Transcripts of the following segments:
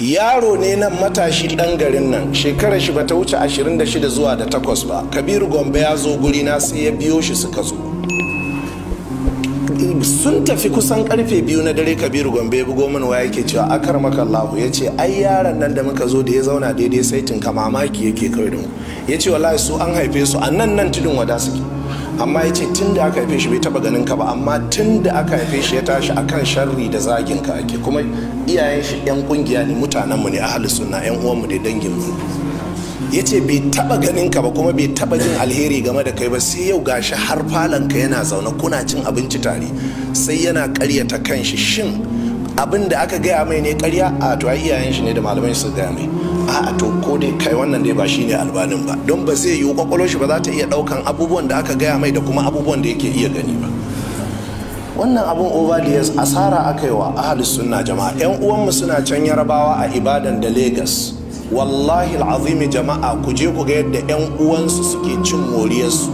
yaro ne nan matashi dan garin nan shekarar shi bata wuce 26 zuwa da takwas ba kabiru gombe ya zo guri na sai ya biyo shi suka zo eh, sun tafi kusan karfe biyu na dare kabiru gombe ya bugo min waya yake cewa akar Lahu ya ce ai yaron nan da muka zo da ya zauna daidai saitin ka mamaki yake kawai da mu ya ce wallahi su an haife su a nan nan tudun wada suke amma ya ce tun da aka haife shi bai taba ganin ka ba amma tun da aka haife shi ya tashi akan sharri da zagin ka ake kuma iyayen shi yan kungiya ne mutanen mu ne a halin suna yan uwan mu da dangin mu ya ce bai taba ganin ka ba kuma bai taba jin alheri game da kai ba sai yau gashi har falon ka yana zaune kuna cin abinci tare sai yana karyata kanshi shin abin da aka gaya mai ne karya a to ai iyayen shi ne da malamai su gaya mai a to ko dai kai wannan dai ba shine albanin ba don ba zai yiwu kwakwalwar shi ba za ta iya daukan abubuwan da aka gaya mai da kuma abubuwan da yake iya gani ba wannan abun over the years asara aka yi wa ahalus sunna jama'a yan uwanmu suna can yarabawa a ibadan da lagos wallahi al'azim jama'a ku je ku ga yadda yan uwansu suke cin moriyarsu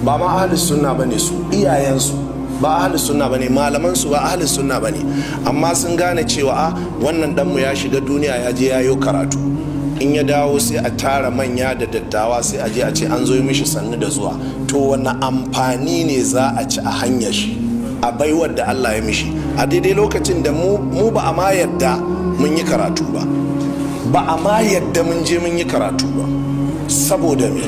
ba ma ahalus sunna bane su iyayensu ba ahli sunna bane malaman su ba ahli sunna bane amma sun gane cewa a ah, wannan danmu ya shiga duniya ya je yayo karatu in ya dawo sai a tara manya da dattawa sai a je a ce an zo mishi sannu da zuwa to wani amfani ne za a ci a hanyar shi a baiwar da Allah ya mishi a daidai lokacin da mu ba a ma yadda mun yi karatu ba ba a ma yadda mun je mun yi karatu ba saboda me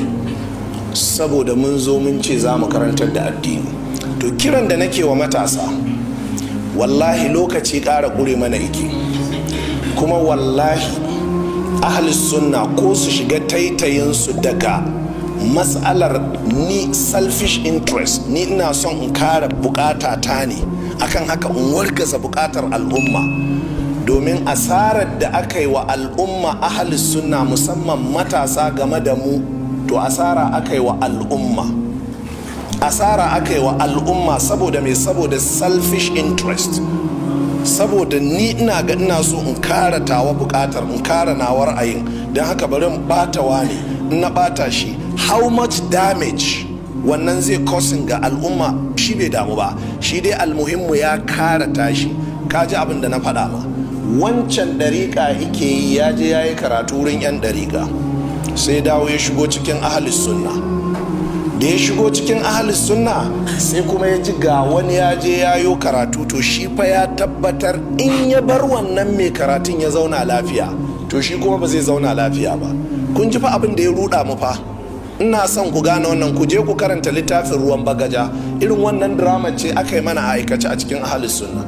saboda mun zo mun ce za mu karantar da addini to kiran da nake wa matasa wallahi lokaci ƙara ƙure mana yake kuma wallahi ahalis sunna ko su shiga taitayinsu daga matsalar ni selfish interest ni ina son in kara bukata ta ne akan haka in wargaza bukatar al'umma domin asarar da aka yi wa al'umma ahalis sunna musamman matasa game da mu to asara aka yi wa al'umma asara aka yi wa al'umma saboda mai saboda selfish interest saboda ni ina ga ina so in kara tawa bukatar in kara nawa ra'ayin don haka bari in bata wani in na bata shi how much damage wannan zai kosin ga al'umma shi bai damu ba shi dai almuhimmu ya kara tashi kaji abin da na faɗa ma wancan dariƙa ike yi ya je ya yi karatu wurin 'yan dariƙa sai dawo ya shigo cikin ahalis sunna da ya shigo cikin ahli sunna sai kuma ya ji ga wani ya je ya yi karatu to shi fa ya tabbatar in ya bar wannan mai karatun ya zauna lafiya to shi kuma ba zai zauna lafiya ba kun ji fa abin da ya ruda mu fa ina son ku gane wannan ku je ku karanta littafin ruwan bagaja irin wannan drama ce aka yi mana aikace a cikin ahli sunna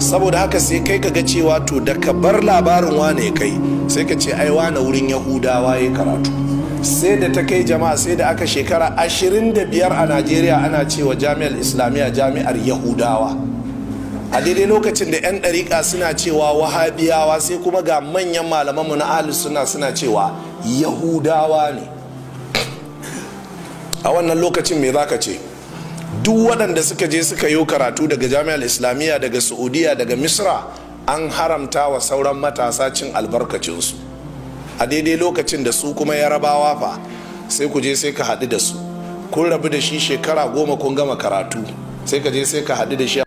saboda haka sai kai ka ga cewa to da ka bar labarin wane kai sai ka ce ai wane wurin yahudawa ya karatu sai da ta kai jama'a sai da aka shekara 25 a najeriya ana cewa jami'ar islamiyya jami'ar yahudawa a daidai lokacin da 'yan ɗariƙa suna cewa wahabiyawa sai kuma ga manyan malamanmu na ahlus suna suna cewa yahudawa ne a wannan lokacin me zaka ce duk waɗanda suka je suka yi karatu daga jami'ar islamiyya daga saudiya daga misra an haramta wa sauran matasa cin albarkacinsu a daidai lokacin da su kuma yarabawa fa sai ku je sai ka haɗu da su kun rabu da shi shekara goma kun gama karatu sai ka je sai ka haɗu da shi